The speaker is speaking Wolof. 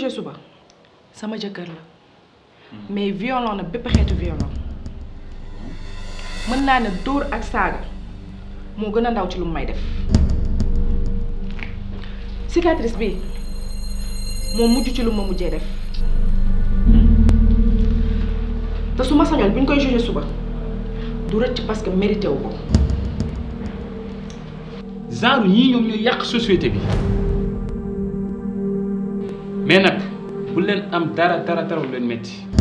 jugé suba sama jëkkër la mais violent na bépp xeetu violent mën naa ne dóor ak saaga moo gën a ndaw ci lu may def cicatrice bi moo mujj ci lu ma mujjee def te su ma sañoon bu ñu koy jugé suba du rëcc parce que mérité ko. genre ñii ñoom ñooy yàq société bi. mais nag bu len am dara dara dara bu len métti